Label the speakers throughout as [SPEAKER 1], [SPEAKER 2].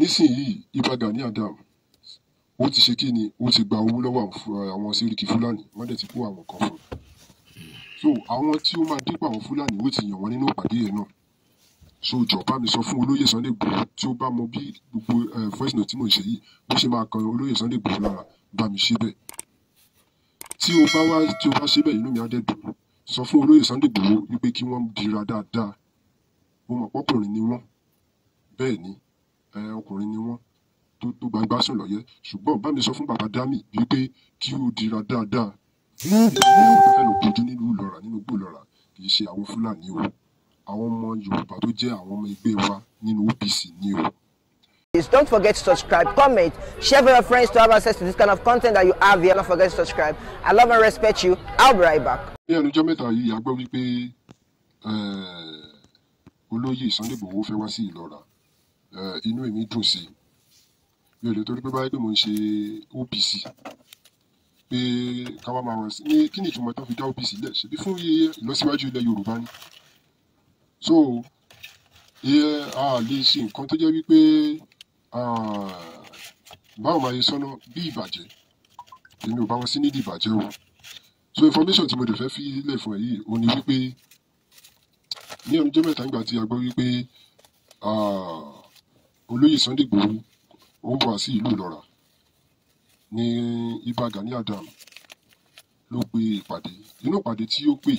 [SPEAKER 1] nísìnyìí ìbàdàn ní adam ó ti ṣe kí ni ó ti gba owó lọ́wọ́ àwọn sẹ́ríkì fúlàní wọ́n dẹ̀ ti kó àwọn kan fún un so àwọn tí ó máa dípò àwọn fúlàní ó ti yàn wọ́n nínú ìpàdé yẹn náà so jọba mi sọ fún olóyè Sunday Igboho tí ó bá mọ bí gbogbo voice note tí mò ń ṣe yìí bó ṣe máa kan olóyè Sunday Igboho lára bá mi ṣe bẹ́ẹ̀ tí o bá wá tí o bá ṣe bẹ́ẹ̀ inú mi á dẹ̀ dùn sọ fún olóyè Sunday Igboho wípé kí wọ́n dira dáadáa mo mọ̀ ni wọ́n bẹ́ẹ̀ ni ọkùnrin ni wọ́n tó tó gbangba sùn lọ́yẹ́ ṣùgbọ́n bá mi sọ fún bàbá dami wípé kí o dira dáadáa ìdílé ọ̀dọ́ lọ bójú nílùú ìlọ́ra nínú igbó ìlọ́ra kì í ṣe àwọn fúlàní o àwọn ọmọ yorùbá tó jẹ́ àwọn ọmọ ẹgbẹ́ wa nínú OPC ni o. Please don't forget to subscribe, comment, share with your friends to have access to this kind of content that you have here. Don't forget to subscribe. I love and respect you. I'll be right back. Ní ẹnu mẹ́ta yìí, a gbọ́ wípé olóyè Sunday Igboho fẹ́ wá sí Ìlọ́ra inú èmi dùn sí i mi ò lè torí pé báyìí pé mo ń ṣe OPC pé káwá máa wá sí ní kí ni ìtumọ̀ tó fi dá OPC lẹ̀ ṣebí fún iye ìlọsíwájú ilẹ̀ Yorùbá ni so iye a lè ṣe nǹkan tó jẹ́ wípé báwo máa yẹ sọ́nà bí ìbàjẹ́ èmi ò bá wọn sí nídìí ìbàjẹ́ o so information tí mo dẹ̀ fẹ́ fi lẹ̀ fún ẹ yìí òun ni wípé ní ọdún jẹ́ mẹ́ta nígbà tí a gbọ́ wípé olóyè Sunday Igboho ó ń bọ̀ wá sí ìlú Ìlọra ní Ìbà Gani Adams ló pe ìpàdé nínú ìpàdé tí ó pè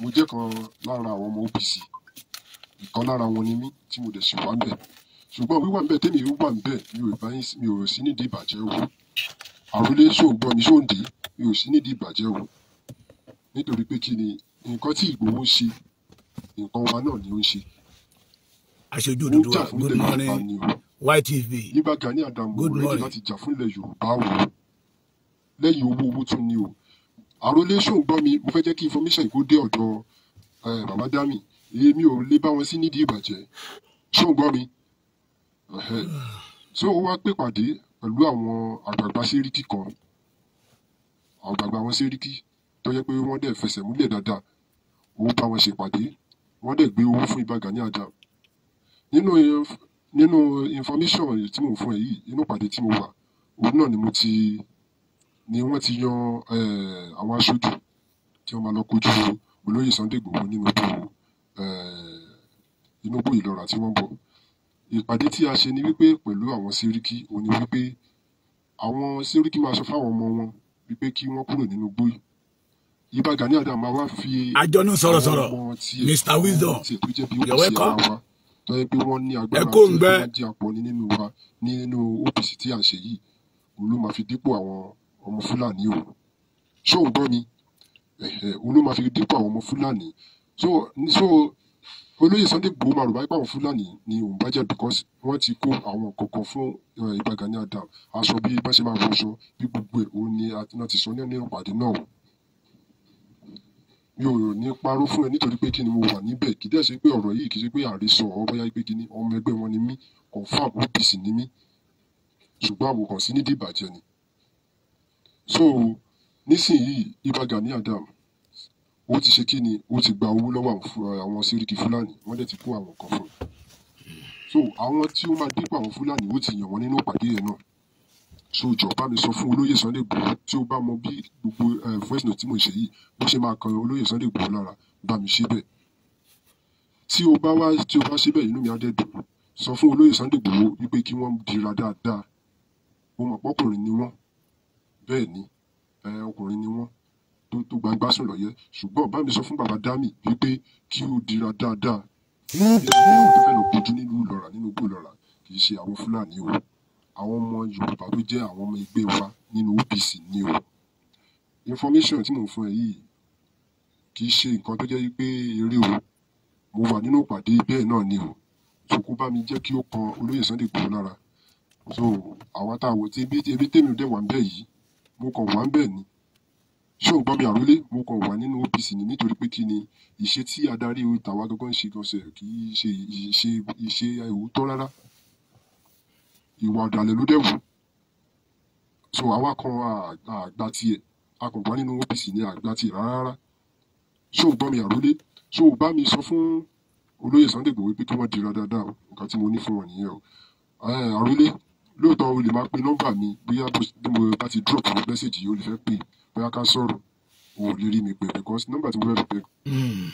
[SPEAKER 1] mo jẹ́ kan lára àwọn ọmọ OPC ìkan lára wọn ni mí tí mo dẹ̀ sì wà ń bẹ̀ ṣùgbọ́n wíwà ń bẹ̀ tẹ́mi wà ń bẹ̀ mi ò bá mi ò sí nídìí ìbàjẹ́ o àròlé ṣòǹgbọ́n mi ṣòǹdè mi ò sí nídìí ìbàjẹ́ o nítorí pé kí ni nǹkan tí Ìgbòho ń ṣe nǹkan wa náà ni ó ń ṣe aṣojú òdodo good morning ytv yíba good morning lẹ́yìn owó owó tún ni o àròlé ṣòun gbọ́ mi mo fẹ́ jẹ́ kí information yìí kó dé ọ̀dọ̀ màmá dami èmi ò lè bá wọn sí nídìí ìbàjẹ́ ṣòun gbọ́ mi so ó wá pè pàdé pẹ̀lú àwọn àgbààgbà sẹ́ríkì kan àgbààgbà wọn sẹ́ríkì tó yẹ pé wọ́n dẹ̀ fẹsẹ̀ múlẹ̀ dáadáa ó bá wọn ṣèpàdé wọ́n dẹ̀ gbé owó fún Ìbà Gani Adams nínú nínú information tí mò ń fún ẹ yìí nínú ìpàdé tí mo wà òun náà ni mo ti ni wọ́n ti yan um àwọn aṣojú tí wọ́n máa lọ kojú olóyè Sunday Igboho nínú igbó um inú igbó Ìlọra tí wọ́n ń bọ̀ ìpàdé tí a ṣe ni wípé pẹ̀lú àwọn sẹ́ríkì òun ni wípé àwọn sẹ́ríkì máa sọ fáwọn ọmọ wọn wípé kí wọ́n kúrò nínú igbó yìí Ìbà Gani Adams máa wá fi àjọ̀nú sọ̀rọ̀sọ̀rọ̀ Mr Wisdom yọ̀wẹ́kọ́ tó yẹ pé wọ́n ní agbára tó yẹ pé wọ́n jẹ́ apọ̀ni nínú wa nínú OPC tí à ń ṣe yìí òun ló máa fi dípò àwọn ọmọ Fúlàní o ṣó ń gbọ́ ni òun ló máa fi dípò àwọn ọmọ Fúlàní so so olóyè Sunday Igboho máa rò báyìí pàwọn Fúlàní ni òun bá jẹ́ because wọ́n ti kó àwọn kọ̀ọ̀kan fún eh, Ìbà Gani Adams aṣọ bí bá ṣe máa wọṣọ bí gbogbo ẹ̀ òun ni wọ́n ti sọ nínú ìpàdé náà o mi ò ní parọ́ fún ẹ nítorí pé kí ni mo wà níbẹ̀ kì í dẹ̀ ṣe pé ọ̀rọ̀ yìí kì í ṣe pé àrísọ ọ̀ bóyá pé kí ni ọmọ ẹgbẹ́ wọn ni mí confam OPC ni mí ṣùgbọ́n àwọn sí ní dìbàjẹ́ ni. so nísìnyìí Ìbà Gani Adams ó ti ṣe kí ni ó ti gba owó lọ́wọ́ àwọn Sẹ́ríkì Fúlàní wọ́n dẹ̀ ti kó àwọn kan fún un. so àwọn tí ó máa dípò àwọn Fúlàní ó ti yàn wọ́n nínú ìpàdé yẹn náà so jọ bá mi sọ fún olóyè Sunday Igboho tí ó bá mọ bí gbogbo voice note tí mo ṣe yìí bó ṣe máa kan olóyè Sunday Igboho lára bá mi ṣe bẹ́ẹ̀ tí o bá wá tí o bá ṣe bẹ́ẹ̀ inú mi á dẹ̀ dùn sọ fún olóyè Sunday Igboho wípé kí wọ́n dira dáadáa mo mọ̀ pọ́kùnrin ni wọ́n bẹ́ẹ̀ ni ọkùnrin ni wọ́n tó tó gbangba sùn lọ́yẹ́ ṣùgbọ́n bá mi sọ fún bàbá dami wípé kí o dira dáadáa ẹni tó fẹ́ lọ gbójú nínú ìlọ́ra nínú igbó kì í ṣe àwọn fúlàní o àwọn ọmọ Yorùbá tó jẹ́ àwọn ọmọ ẹgbẹ́ wa nínú OPC ni o information tí mò ń fún ẹ yìí kì í ṣe nǹkan tó jẹ́ pé eré o mo wà nínú ìpàdé bẹ́ẹ̀ náà ni o tó kó bá mi jẹ́ kí ó kan olóyè Sunday Igboho lára so àwa tá a wò tí ebi tèmi dẹ̀ wà ń bẹ̀ yìí mo kàn wà ń bẹ̀ ni ṣé ò gbọ́ mi àrólé mo kàn wà nínú OPC ni nítorí pé kí ni ìṣe tí adarí tàwa gangan ṣe gan kì í ṣe ìṣe ìṣe òótọ́ rárá ìwà ọ̀dàlẹ̀ ló dẹ̀ wù so àwa kan àgbà tiẹ̀ a kò gbọ́ nínú OPC ní àgbà tiẹ̀ rárá so gbọ́ mi àrólé so bá mi sọ fún olóyè Sunday Igboho pé kí wọ́n dira dáadáa o nǹkan tí mo ní fún wọn nìyẹn o àrólé lóòótọ́ o lè máa pe nọ́mbà mi bóyá bí mo bá ti drop message yìí o lè fẹ́ pè bóyá ká sọ̀rọ̀ o lè rí mi pè because nọ́mbà tí mo fẹ́ fi pè. Hmm.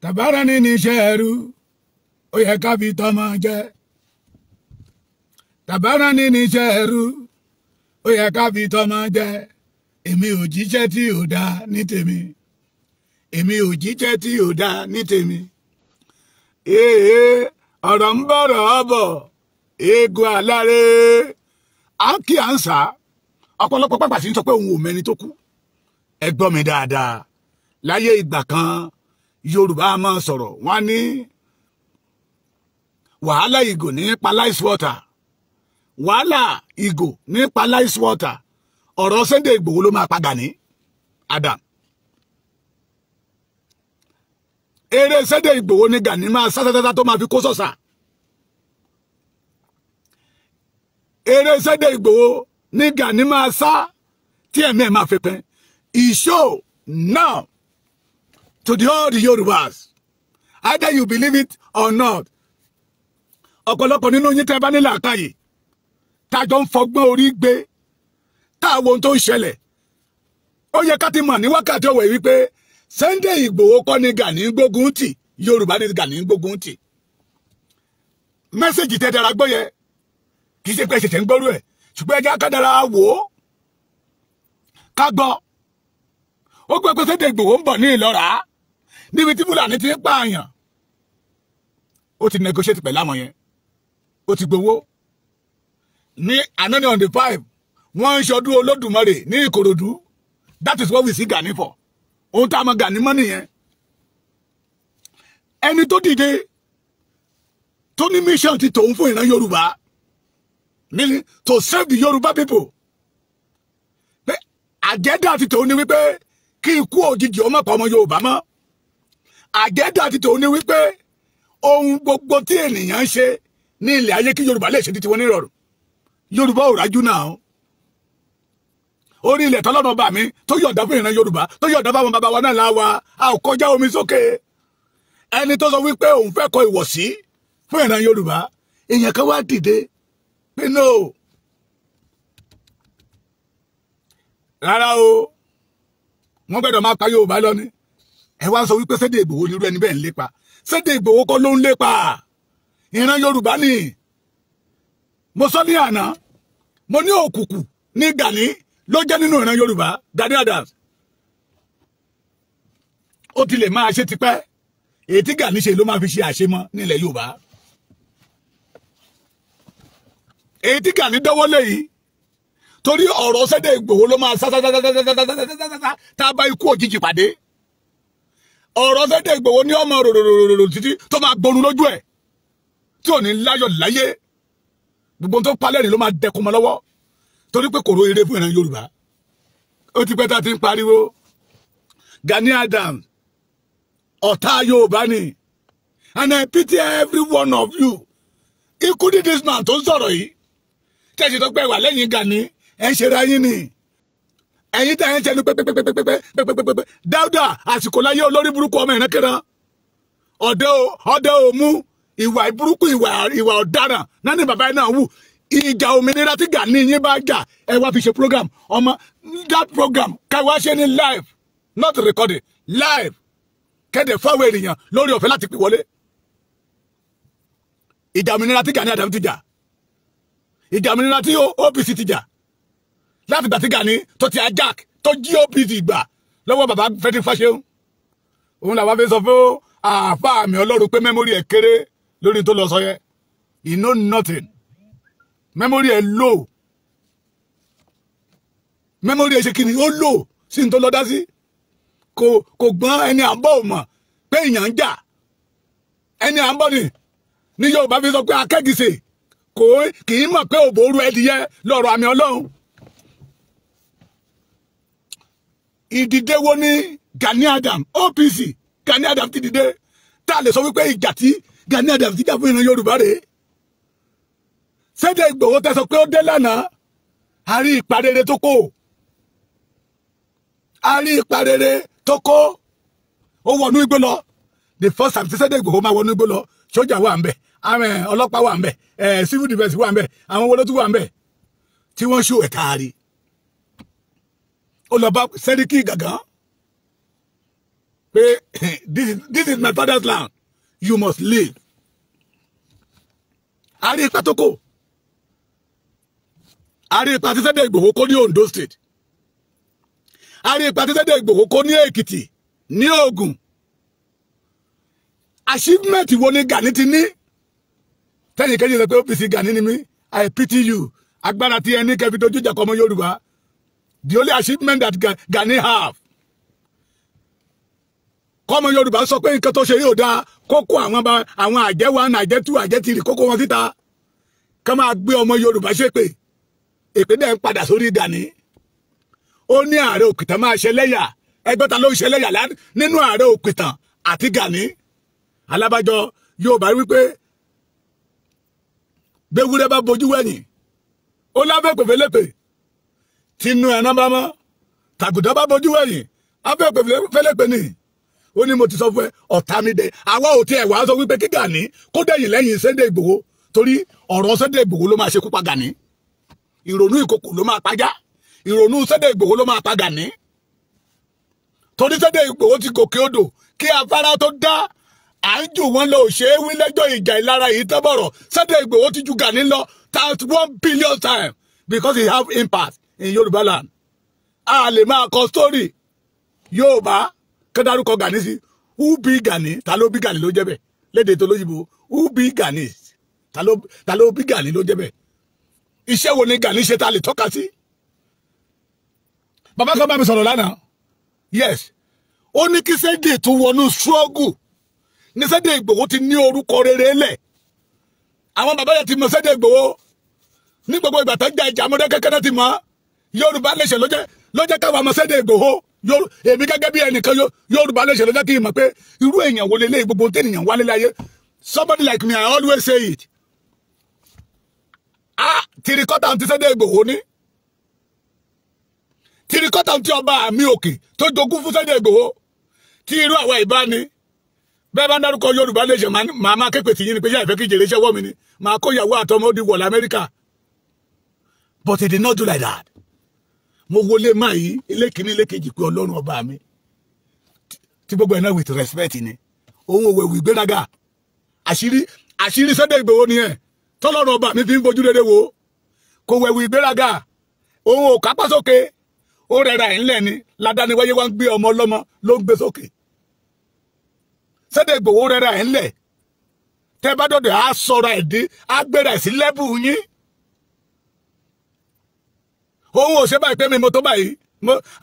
[SPEAKER 1] tàbára ní ní iṣẹ́ ẹrú ó yẹ ká fi tọ́ máa jẹ́.
[SPEAKER 2] tàbárà ní níṣẹ́ ẹrú ó yẹ ká fi tọ́mọ jẹ èmi ò jíṣẹ́ tí ò dá ní tèmi èmi ò jíṣẹ́ tí ò dá ní tèmi èè e, ọ̀rọ̀ e, ń bọ̀rọ̀ ọ̀bọ̀ eégún aláre ákì ànsá ọ̀pọ̀lọpọ̀ pàpà sí ń sọ pé òun ò mẹni tó kú ẹ gbọ́ mi dáadáa láyé ìgbà kan yorùbá máa sọ̀rọ̀ wọ́n ní wàhálà ìgò ní paláìsí wọ́tà wàhálà ìgò nípa láìsí wọ́tà ọ̀rọ̀ Sunday Ìgbòho ló máa padà ní Adam eré Sunday Ìgbòho ní Gani máa sásátátá tó máa fi kó sọ̀sà eré Sunday Ìgbòho ní Gani máa sá tí ẹ̀mí ẹ̀ máa fi pẹ́ He show now to the all the Yorubas either you believe it or not ọ̀pọ̀lọpọ̀ nínú yín tẹ́ bá nílẹ̀ àkáyè tájọ ń fọgbọ́n orí gbé táwo tó ń ṣẹlẹ̀ ó yẹ ká ti mọ̀ ní wákàtí ọ̀wẹ̀ wípé Sunday Ìgbòho kọ́ ni Gani gbógun tì Yorùbá ni Gani gbógun tì mẹ́sẹ̀gì tẹ́ dára gbọ́ yẹ kì í ṣe pé ṣẹ̀ṣẹ̀ ń gbọ́rú ẹ̀ ṣùgbọ́n ẹja ká dára wò ó ká gbọ́ ó gbé pé Sunday Ìgbòho ń bọ̀ ní Ìlọ́ra níbi tí Fúlàní ti ń pààyàn ó ti negotiate pẹ̀lú àwọn yẹn ó ti gbowó ní anani on the pipe wọ́n ń ṣọdún olódùmarè ní ìkòròdú that is what we see Gani for ohun tá a mọ Gani mọ́ nìyẹn ẹni tó dìde tó ní mission ti tòun fún ìran yorùbá meaning to serve the yorùbá people pé àjẹ́dá ti tòun ni wípé kí ikú òjijì ọmọ pa ọmọ yorùbá mọ́ àjẹ́dá ti tòun ni wípé ohun gbogbo tí ènìyàn ń ṣe ní ilẹ̀ ayé kí yorùbá lè ṣe ti tiwọn nírọ̀rùn yorùbá ò rájú náà orí ilẹ̀ tọ́lọ́run bá mi tó yọ̀dá fún ìran yorùbá tó yọ̀dá fáwọn bàbá wa náà láwa a ò kọjá omi sókè ẹni tó sọ wípé òun fẹ́ kọ ìwọ̀sí fún ìran yorùbá èèyàn kan wá dìde pé no rárá o wọ́n gbẹ́dọ̀ máa pa yorùbá lọ ni ẹ wá sọ wípé sédè ìgbòho nírú ẹni bẹ́ẹ̀ ń lépa sédè ìgbòho kọ́ ló ń lépa ìran yorùbá ni mo sọ ní àná mo ní òkùnkùn ní Gani ló jẹ́ nínú ìran Yorùbá Gani Adams ó ti lè máa ṣe tipẹ́ èyí tí Gani ṣe ló máa fi ṣe àṣemọ nílẹ̀ Yorùbá èyí tí Gani dọ́wọ́ lé yìí torí ọ̀rọ̀ sẹ́dẹ̀ Ìgbòho ló máa sásásásásásásásásásásá tá a bá ikú òjijì pàdé ọ̀rọ̀ sẹ́dẹ̀ Ìgbòho ní ọmọ rororororo títí tó máa gbóru lójú ẹ̀ tí gbogbo tó palẹ́rìn ló máa dẹkun mọ́ lọ́wọ́ torí pé kòró eré fún ìran Yorùbá ó ti pẹ́ tá a ti ń pariwo Gani Adams ọ̀tá Yorùbá ni and I pity every one of you including this man tó ń sọ̀rọ̀ yìí tẹ̀sí tó pẹ́ wà lẹ́yìn Gani ẹ̀ ń ṣera yín ni ẹ̀yin tẹ̀ ẹ̀ ń ṣẹnu pẹ́pẹ́pẹ́pẹ́pẹ́pẹ́pẹ́pẹ́ dáúdà àsìkò láyé olórí burúkú ọmọ ìrẹ́kẹ́ràn ọ̀dẹ́ ò mú ìwà ìburúkú ìwà ọ̀daràn náà bàbá yìí náà wù ìjà òmìnira tí Gani yín bá jà ẹ wá fi ṣe program ọmọ that program káwá ṣe ní live not recorded live kéde fáwọn ènìyàn lórí ọ̀fẹ́ láti pè wọlé ìjà òmìnira tí Gani Adams ti jà ìjà òmìnira tí OPC ti jà láti gbà tí Gani tó ti ajak tó jí OPC gbà lọ́wọ́ bàbá fẹ́ẹ́ ti fáṣeun òun làwọn fi sọ fún àáfàá mi ọlọ́run pé mẹ́mórì ẹ̀ kéré lórí tó lọ sọ yẹ he know nothing memory ẹ low memory ẹ ṣe kìnnì ó low sí ní tó lọ dá sí kò kò gbọ́n ẹni à mọ̀ pé èèyàn ń jà ẹni à ni ní Yorùbá fi sọ pé akẹ́gìsè kò kì í mọ̀ pé òbòrú ẹdìyẹ lọ́rọ̀ àmì Ọlọ́run ìdìde wo ni Gani Adam OPC Gani Adam ti dìde tá a lè sọ wípé ìjà tí Gani Adams jà fún ìran Yorùbá rèé Sunday Igboho tẹ sọ pé ó dé lánàá a rí ipa rere tó kó a rí ipa rere tó kó ó wọnú igbó lọ the first time Sunday Igboho máa wọnú igbó lọ sójà wà ń bẹ àwọn eh, ọlọ́pàá wà ń bẹ eh, civil defence wà ń bẹ àwọn wọlé tó wà ń bẹ tí wọ́n ṣó ẹ̀ka rí ó lọ bá sẹ́ríkì gàgán pé this is my father's land you must live. a rí ipa Are you a rí ipa tí Sunday Igboho kó ní Ondo state Are you ipa tí Sunday Igboho kó ní Èkìtì ní Ògùn achievement wo ni Gani ti ní tẹ́yìn kẹ́yìn sọ pé OPC Gani ni mí I pity you agbára tí ẹ ní kẹfì dojú ìjà kọ́ ọmọ Yorùbá the only achievement that Gani have kọ́mọ yorùbá sọ pé nǹkan tó ṣe yóò dáa kókó àwọn bá àwọn àjẹ́ one àjẹ́ two àjẹ́ three kókó wọn síta ká máa gbé ọmọ yorùbá ṣépè èpè náà ń padà sórí ìdání ó ní ààrẹ òkìtàn máa ṣe lẹ́yà ẹgbẹ́ ló ń ṣe lẹ́yà nínú ààrẹ òkìtàn àti gani alábàjọ yorùbá wípé gbẹwúrẹ́ bá bojú wẹ̀yìn ó láfẹ́ pèfélépè tinú ẹran bá mọ́ tàgùdọ́ bá bojú wẹ̀yìn afẹ́ pèfélépè nìyí ó ní mo ti sọ fún ẹ ọ̀tá mi dẹ̀ àwa ò tiẹ̀ wá sọ wípé kí Gani kó dẹ̀yìn lẹ́yìn Sunday Igboho torí ọ̀rọ̀ Sunday Igboho ló máa ṣekú pa Gani ìrònú ìkòkò ló máa pajá ìrònú Sunday Igboho ló máa pa Gani torí Sunday Igboho ti gòkè odò kí afárá tó dá à ń jù wọn lọ òṣè wí lẹ́jọ́ ìjà ìlara yìí tẹ́ bọ̀rọ̀ Sunday Igboho ti ju Gani lọ times one billion times because he have impact in Yorùbá land a lè máa kọ story Yorùbá kán dárúkọ Gani sí who Gani ta ló bí Gani ló jẹ́ bẹ́ẹ̀ léde tó lóyìnbó who Gani ta ló ta Gani ló jẹ́ bẹ́ẹ̀ iṣẹ́ wo ni Gani ṣe ta lè tọ́ka sí. bàbá kan bá mi sọ̀rọ̀ lánàá yes ó ní kí Sunday tún wọnú struggle ní Sunday Igboho ti ní orúkọ rere lẹ̀ àwọn bàbá yẹn ti mọ Sunday Igboho ní gbogbo ìgbà tó ń ja ìjà amúdẹ́kẹ́kẹ́ náà ti mọ Yorùbá lè ṣe lọ́jẹ́ káwọn ọmọ Sunday Igboho èmi gẹ́gẹ́ bí ẹnìkan Yorùbá lè ṣe lọ́jọ́ kí n mọ̀ pé irú èèyàn wo lélẹ́yìn gbogbo tẹ́nìyàn wálé láyé somebody like me I always say it ah tìrìkọ́tà ti Sunday Igboho ní tìrìkọ́tà ti ọba àmì òkè tó jogún fún Sunday Igboho tí irú àwa ìbá ni bẹ́ẹ̀ bá ń dárúkọ Yorùbá lè ṣe màá máa képe tìyín ni pé yá ìfẹ́ kí jèrè iṣẹ́ mi ni màá kó ìyàwó àtọmọ́ di wọ̀ lamẹ́ríkà but he did not do like that mo wọlé má yìí ilé kìíní ilé kejì pé ọlọ́run ọba mi tí gbogbo ẹ̀ náà with respect ni òun òwe ìwé gbéraga àṣírí àṣírí Sunday Igboho nìyẹn tọ́lọ́run ọba mi fi ń bojú rere wo kò wẹ̀wù ìgbéraga òun ò kápá sókè ó rẹra ẹ̀ ńlẹ̀ ni ládániwáyé wá ń gbé ọmọ ọlọ́mọ ló ń gbé sókè Sunday Igboho rẹra ẹ̀ ńlẹ̀ tẹ́ bá dọ̀dọ̀ á sọ̀rọ̀ ẹ̀ á gbéra ẹ̀ sí lẹ́bù yín òun ò ṣe báyìí pé mi mo tó báyìí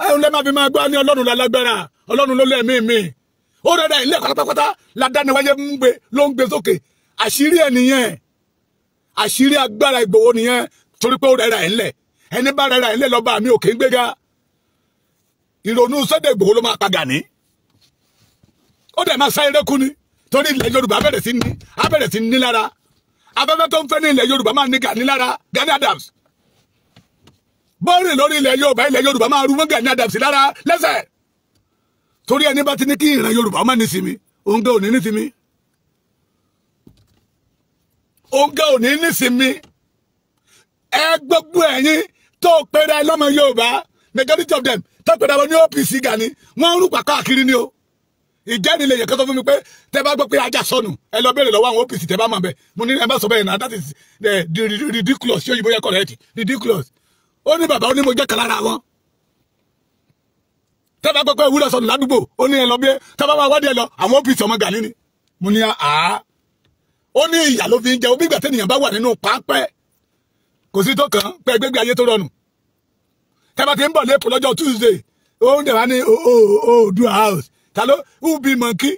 [SPEAKER 2] àwọn lẹ́ẹ̀ máa fi máa gbọ́ ní ọlọ́run lálágbára ọlọ́run ló lẹ́ẹ̀mí mi ó rẹ̀ ilé ẹ̀kọ́ pátápátá ládániwáyé ń gbé ló ń gbé sókè àṣírí ẹ̀ nìyẹn àṣírí agbára Ìgbòho nìyẹn torí pé ó rẹ̀ ẹ̀ ńlẹ̀ ẹni bá rẹ̀ ẹ̀ ńlẹ̀ lọ́ba mi ò kì í gbéga ìrònú sọ́dẹ̀ Ìgbòho ló máa pagà ní ó dẹ̀ máa sá erékù ni torí ilẹ̀ Yorùbá bẹ̀rẹ̀ sí ní lára afẹ́fẹ́ tó ń Gani Adams bọ́ọ̀rì lórí ilẹ̀ yorùbá ilẹ̀ yorùbá máa ru mọ́gà ní àdàbìsí lára lẹ́sẹ̀ torí ẹni bá ti ní kí ìran yorùbá má ní sinmi òǹkà òní ní sinmi òǹkà òní ní sinmi ẹ gbogbo ẹ̀yin tó pera ẹ lọ́mọ yorùbá majority of them tó pera wọn ní OPC Gani wọ́n ń rúpa káàkiri ni o ìjẹ́ni lè yẹ kó sọ fún mi pé tẹ bá gbọ́ pé ajá sọnù ẹ lọ béèrè lọ́wọ́ àwọn OPC tẹ bá mọ̀ bẹ́ẹ̀ mo ní ẹ bá sọ bẹ́ẹ̀ náà that is eh, the ridiculous ṣé òyìnbó yẹ correct ridiculous ó ní bàbá ó ní mo jẹ́ kan lára wọn tẹ́bà gbọ́gbọ́ ìwúlẹ̀ sọ̀nù ládùúgbò ó ní ẹ lọ bí tẹ́bà wá wádìí ẹ lọ àwọn OPC ọmọ Gani ni mo ní àá ó ní ìyà ló fi ń jẹ omi ìgbà tẹ́nìyàn bá wà nínú pápẹ́ kò sí tó kàn pẹ́ gbégbé ayé tó rọrùn tẹ́bà ti ń bọ̀ lẹ́pọ̀ lọ́jọ́ Tuesday ó ń dẹ̀ wá ní Oòduà oh, oh, oh, house ta ló ń bí mọ̀kí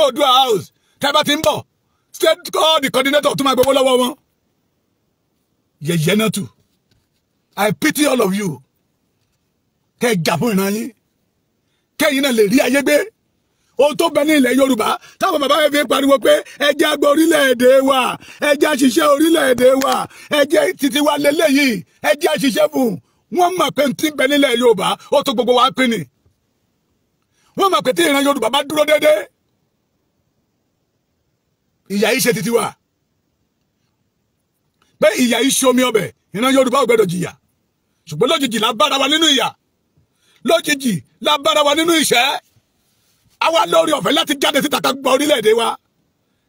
[SPEAKER 2] Oòduà house tẹ́bà ti ń bọ̀ state call the coordinator to my gbowó lọ́wọ́ wọn yẹ̀yẹ́ náà tù I pity all of you kẹ́ ẹ jà fún ìran yín kẹ́yìn náà lè rí ayé gbé ohun tó bẹ ní ilẹ̀ yorùbá táwọn bàbá mi fi ń pariwo pé ẹjẹ́ agbó orílẹ̀-èdè wa ẹjẹ́ àṣìṣe orílẹ̀-èdè wa ẹjẹ́ títí wa lélẹ́yìí ẹjẹ́ àṣìṣe fún wọn mọ̀ pé ti bẹ nílẹ̀ yorùbá ó tó gbogbo wa pín ni wọ́n pé tí ìran yorùbá bá dúró déédéé ìyà yìí ṣe titi wa pé ìyà yìí ṣe omi ọbẹ̀ ìran Yorùbá ò gbẹ́dọ̀ jìyà ṣùgbọ́n lójijì la bára wa nínú ìyà lójijì la bára wa nínú ìṣẹ́ àwa lórí ọ̀fẹ́ láti jáde síta ká gba orílẹ̀-èdè wa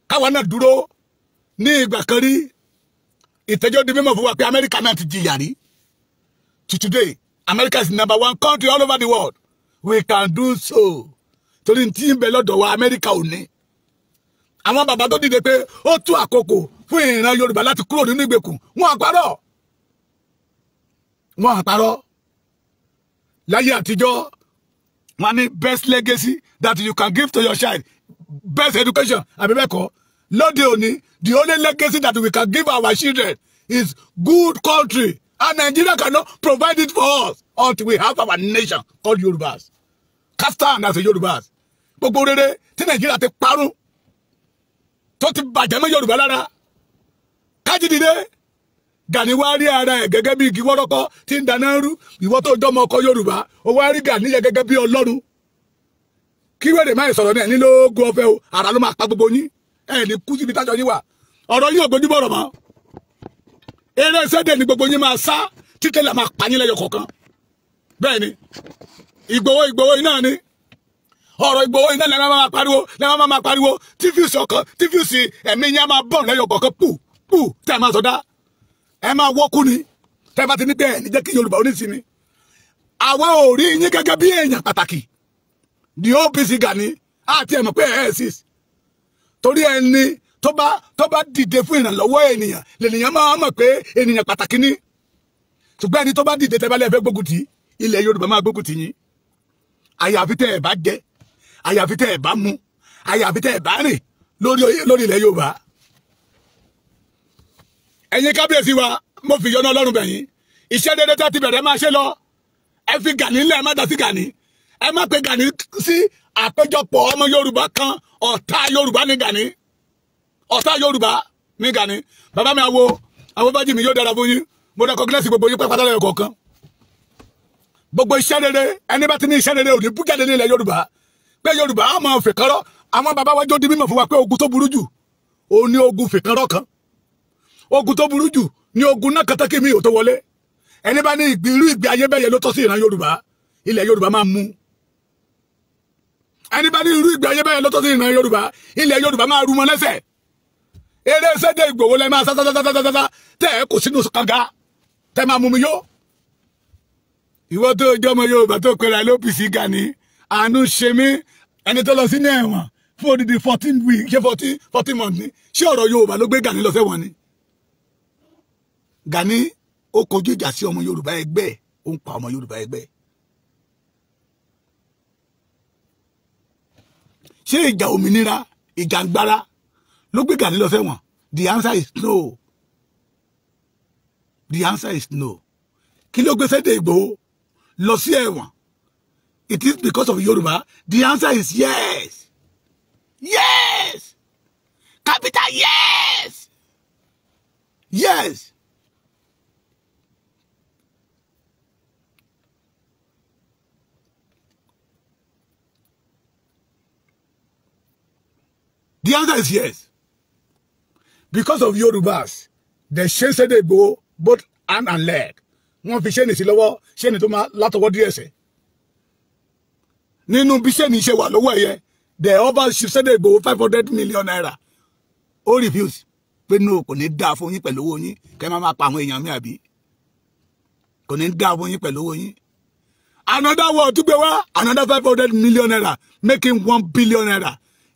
[SPEAKER 2] káwa náà dúró ní ìgbà kan rí ìtẹ́jọ́ di mímọ̀ fún wa pé Amẹ́ríkà náà ti jìyà rí to today America is number one country all over the world we can do so torí ti ń bẹ lọ́dọ̀ wa Amẹ́ríkà ò ní àwọn bàbá tó dìde pé ó tú àkókò fún ìran yorùbá láti kúrò nínú ìgbèkùn wọn àparọ́ wọn àparọ́ láyé àtijọ́ wọn ní best legacy that you can give to your child best education àbí bẹ́ẹ̀ kọ́ lóde òní the only legacy that we can give our children is good country and Nigeria cannot provide it for us until we have our nation called Yorubas cast as a Yorubas gbogbo rere tí Nàìjíríà ti parun tó ti bàjẹ́ mọ́ yorùbá lára kájí gani wá rí ara ẹ̀ gẹ́gẹ́ bí igi wọ́rọ́kọ́ tí ń dáná rú ìwọ tó dọ́mọ ọkọ yorùbá ó wá rí gani yẹ gẹ́gẹ́ bí ọlọ́run kí wẹ́rẹ̀ máa sọ̀rọ̀ náà nílò ogun ọ̀fẹ́ o ara ló máa pa gbogbo yín ẹ̀ ní kú síbi tájọ yín wà ọ̀rọ̀ yín ògbójú bọ̀rọ̀ mọ́ eré sẹ́dẹ̀ ni gbogbo yín máa sá títẹ̀lẹ̀ máa pa yín lẹ́yọ kọ̀ọ̀kan bẹ́ẹ̀ ni Ìgbòho Ìgbòho yín náà ni ọ̀rọ̀ Ìgbòho iná lẹ́ẹ̀ máa pariwo lẹ́ẹ̀ máa pariwo tí fíùsì ọkàn tí fíùsì ẹ̀mí yẹn máa bọ̀ lẹ́yọ̀ kọ̀ọ̀kan pù pù tẹ́ ẹ máa sọdá ẹ máa wọ́kú ni tẹ́ bá ti ní bẹ́ẹ̀ ní jẹ́ kí Yorùbá oníṣìí àwa ò rí yín gẹ́gẹ́ bí èèyàn pàtàkì ní OPC Gani àti ẹ̀mọ̀ pé ẹ̀ sí torí ẹni tó bá tó bá dìde fún ìrànlọ́wọ́ ènìyàn lènìyàn ni ṣùgbọ́n ẹni tó àyàfi tẹ́ ẹ̀ bá mú àyàfi tẹ́ ẹ̀ bá rìn lórí ilẹ̀ Yorùbá ẹ̀yin kábíyèsí wa mo fi yọ́nú Ọlọ́run bẹ̀ yín iṣẹ́ déédéé tẹ́ ti bẹ̀rẹ̀ máa ṣe lọ ẹ fi Gani ńlẹ̀ ẹ má dá sí Gani ẹ má pe Gani sí àpéjọpọ̀ ọmọ Yorùbá kan ọ̀tá Yorùbá ní Gani ọ̀tá Yorùbá ní Gani bàbá mi àwo àwọn bájì mi yóò dára fún yín mo dẹ́kọ̀ gílẹ́sì gbogbo yín pẹ́pẹ́ lẹ́yọ̀ kọ̀ọ̀kan gbogbo iṣẹ́ déédéé ẹni bá ti ní iṣẹ́ déédéé òní bújáde ní ilẹ̀ Yorùbá pé yorùbá á máa fèkánrọ́ àwọn bàbá wájú di mímọ̀ fún wa pé ogun tó burú jù ó ní ogun fèkánrọ́ kan ogun tó burú jù ní ogun náà kàtàkì mi ò tó wọlé ẹni bá ní ìgbìrú ìgbé ayé bẹ́yẹ ló tọ́ sí ìran yorùbá ilẹ̀ yorùbá máa mú ẹni bá ní irú ìgbé ayé bẹ́yẹ ló tọ́ sí ìran yorùbá ilẹ̀ yorùbá máa rú mọ́ lẹ́sẹ̀ eré sẹ́dẹ̀ ìgbòho lẹ́ máa sásásásásásá tẹ́ ẹ kò sínú kànga tẹ́ máa mú mi yó ìwọ tó jọmọ yorùbá tó pera lópìsì gani àánú ṣe mí ẹni tó lọ sínú ẹ̀wọ̀n fún odidi fourteen week ṣe fourteen fourteen months ni ṣé ọ̀rọ̀ Yorùbá ló gbé Gani lọ sẹ́wọ̀n ni Gani ó kojú ìjà sí ọmọ Yorùbá ẹgbẹ́ ó ń pa ọmọ Yorùbá ẹgbẹ́ ṣé ìjà òmìnira ìjà agbára ló gbé Gani lọ sẹ́wọ̀n the answer is no the answer is no kí ló gbé Sunday Igboho lọ sí ẹ̀wọ̀n It is because of Yoruba. The answer is yes. Yes. Capital yes. Yes. The answer is yes. Because of Yorubas, the Shensede go both hand and leg. One Wọ́n fi ṣéènì sí lọ́wọ́, toma tó máa látọwọ́ díẹ̀ say nínú bí sẹ́mi ṣe wà lọ́wọ́ ẹ̀yẹ the ọba ṣiṣẹ́dẹ̀ ìgbòho five hundred million naira ó refuse pé no kò ní dáa fún yín pẹ̀lú owó yín kẹ́ máa máa pa àwọn èèyàn mi àbí kò ní dáa fún yín pẹ̀lú owó yín another word tún gbé wá another five hundred million naira making one billion naira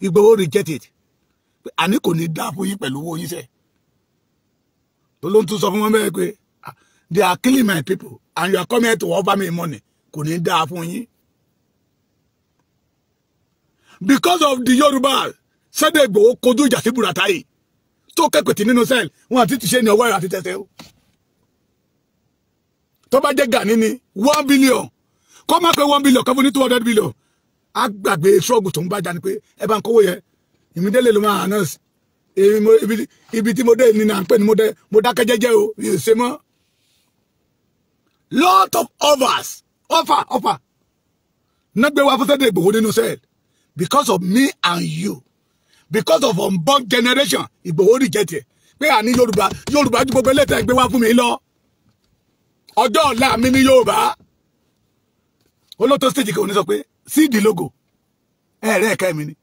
[SPEAKER 2] ìgbòho reject it àní kò ní dáa fún yín pẹ̀lú owó yín sẹ́ẹ̀ tó ló ń tún sọ fún wọn bẹ́ẹ̀ pé ah, they are killing my people and you are coming to offer me money kò ní dáa fún yín because of the Yoruba, Sunday Igboho kojú ìjà sí Buratai tó kẹ́kọ̀ọ́ tí nínú sẹ́ẹ̀lì wọn àti tìṣe ní ọwọ́ ẹ̀rọ àti tẹ̀tẹ̀ o tó bá jẹ́ Gani ni one billion kọ́ máa pé one billion kọ́ fún ní two hundred billion á gbàgbé ṣọ́ọ̀gù tó ń bá jani pé ẹ bá ń kówó yẹ ìmídélé ló máa announce ibi tí mo dé ní náà ń pè ní mo dákẹ́ jẹ́jẹ́ o mi ò ṣe mọ́ lot of offers offer offer náà gbé wa fún Sunday Igboho nínú sẹ́ẹ̀lì because of me and you because of unborn generation Ìgbòho reject ẹ pé àní Yorùbá Yorùbá ju gbogbo ẹlẹ́tẹ̀ gbé wá fún mi lọ ọjọ́ ọ̀la mi ní Yorùbá olótó stage kan ò ní sọ See the logo ẹ̀rẹ́ ẹ̀ka mi ni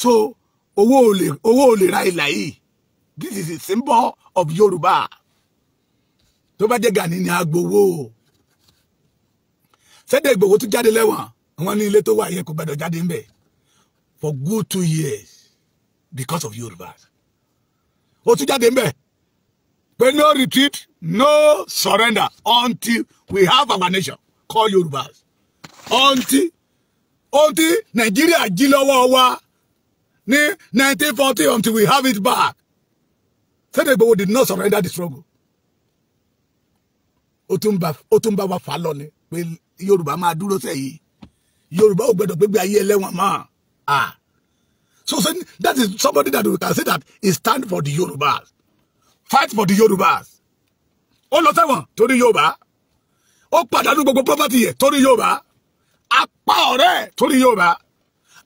[SPEAKER 2] so owó ò lè owó ra ìlà yìí this is a symbol of Yoruba. tó bá jẹ́ Gani ni agbowó Sunday Igboho tún jáde lẹ́wọ̀n wọ́n ní ilé tó wà yẹn kò gbọdọ̀ jáde ń for good two years because of Yorùbá ó tún jáde ń pé no retreat no surrender until we have our nation call Yorùbá until until Nigeria jí lọ́wọ́ wa ní 1940 until we have it back Sunday Igboho did not surrender the struggle ó tún bá wa fà lọ ni pé Yorùbá máa dúró sẹ́yìn. Yorùbá ò gbọdọ̀ gbégbé ayé ẹlẹ́wọ̀n mọ́. Ah. So saying that is somebody that we can say that he stand for the Yorubas, Fight for the Yorubas. Ó lọ sẹ́wọ̀n torí Yorùbá. Ó pàdánù gbogbo property yẹ torí Yorùbá. Apá ọ̀rẹ́ ẹ̀ torí Yorùbá.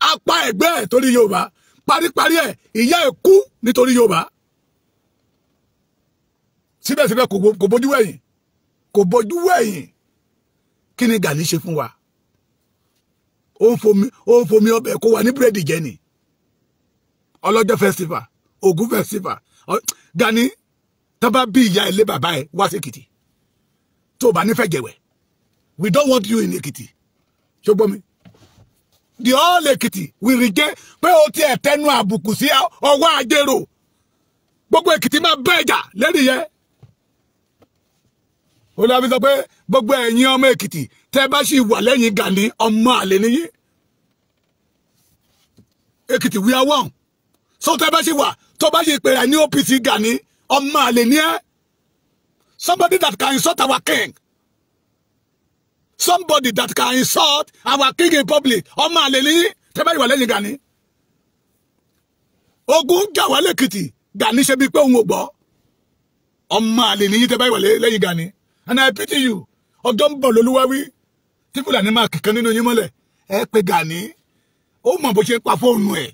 [SPEAKER 2] Apá ẹ̀gbẹ́ ẹ̀ torí Yorùbá. Paríparí ẹ̀ ìyá ẹ̀ kú Sibe sibe Síbẹ̀síbẹ̀ kò bójú wẹ̀yìn. Kò bójú wẹ̀yìn. Kí ni Gani ṣe fún wa? ó ń fomi ó ń fomi ọbẹ̀ kó wa ní búrẹ́dì jẹ ni ọlọ́jọ́ festival ògún festival Gani tó bá bí ìyá ilé bàbá ẹ wá sí Èkìtì tó bá nífẹ̀ẹ́ jẹ̀wẹ̀ we don't want you in Èkìtì ṣùgbọ́n mi the all Èkìtì we reject pé o tiẹ̀ tẹnu àbùkù sí ọwọ́ ajérò gbogbo Èkìtì máa bẹ́ ẹ̀jà lẹ́nu yẹn olùdarí sọ pé gbogbo ẹ̀yin ọmọ Èkìtì tẹ́ bá sì wà lẹ́yìn Gani ọmọ àlè nìyí Èkìtì wíyá wọn so tẹ́ bá sì wà tó bá sì pèrè ní OPC Gani ọmọ àlè ní ẹ somebody that can insult our king somebody that can insult our king in public ọmọ àlè nìyí tẹ́ bá sì wà lẹ́yìn Gani ogun jà wá lẹ́kìtì Gani ṣe bí pé òun ò gbọ́ ọmọ àlè nìyí tẹ́ bá sì wà lẹ́yìn Gani and I pity you ọjọ́ ń bọ̀ lólúwa wí tí fúlàní máa kankan nínú yín mọ́lẹ̀ ẹ pé Gani ó mọ̀ bó ṣe ń pa fóònù ẹ̀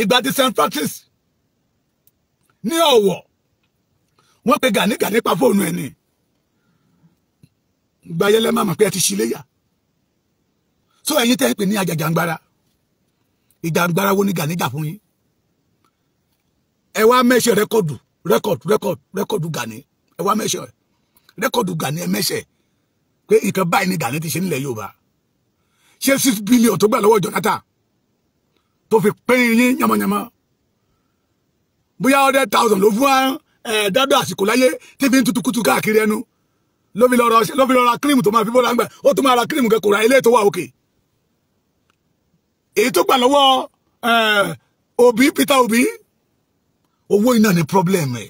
[SPEAKER 2] ìgbà tí st francis ní Ọ̀wọ̀ wọ́n pe Gani Gani pa fóònù ẹ̀ ni gbayẹlẹ máa mọ̀ pé ẹ ti ṣí léyà so ẹ̀yin tẹ́ ń pè ní ajàjàngbara ìjàngbara wo ni Gani jà fún yín ẹ wá mẹ́ṣẹ̀ rẹ́kọ̀dù rẹ́kọ̀dù rẹ́kọ̀dù rẹ́kọ̀dù Gani ẹ wá mẹ́ṣẹ̀ rẹ́kọ̀dù Gani ẹ mẹ́ṣẹ̀ pé nǹkan báyìí ni Gani ti ṣe nílẹ̀ Yorùbá ṣé six billion tó gbà lọ́wọ́ Jonathan tó fi pín yín yamayama bóyá hundred thousand ló fún eh, dábẹ́ àsìkò láyé tí fi ń tutù kutù káàkiri ẹnu ló fi lọ ra kírìmù tó máa fi bọ́lá ń gbà ó tó máa ra kírìmù kẹ kò ra ilé tó wà òkè èyí tó gbà lọ́wọ́ eh, Obi Peter Obi owó iná ni problem ẹ̀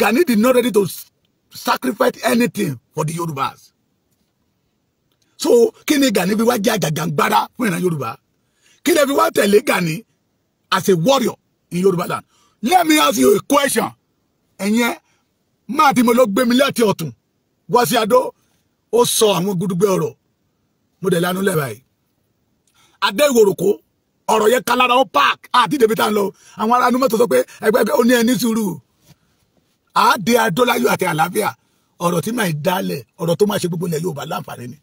[SPEAKER 2] Gani did not ready to sacrifice anything for the Yorubas so kí ni Gani fi wá jẹ́ àjàgàǹgbára fún ìran Yorùbá kí lè fi Gani as a warrior in Yorùbá land let me ask you a question ẹ̀yẹn máa ti mo ló gbé mi láti ọ̀tún Wasiu Ado ó sọ àwọn gudugbẹ ọ̀rọ̀ mo dẹ̀ lanu lẹ́bàá yìí adé ìwòròkó ọ̀rọ̀ yẹn kalára ó park Ah débi tá à ń lọ àwọn ará numọ́tò sọ pé ẹgbẹ́ ẹgbẹ́ ó ní ẹni sùúrù àádé adóláyò àti àlàáfíà ọ̀rọ̀ tí máa dálẹ̀ ọ̀rọ̀ tó máa ṣe gbogbo ilẹ̀ Yorùbá láǹfààní ni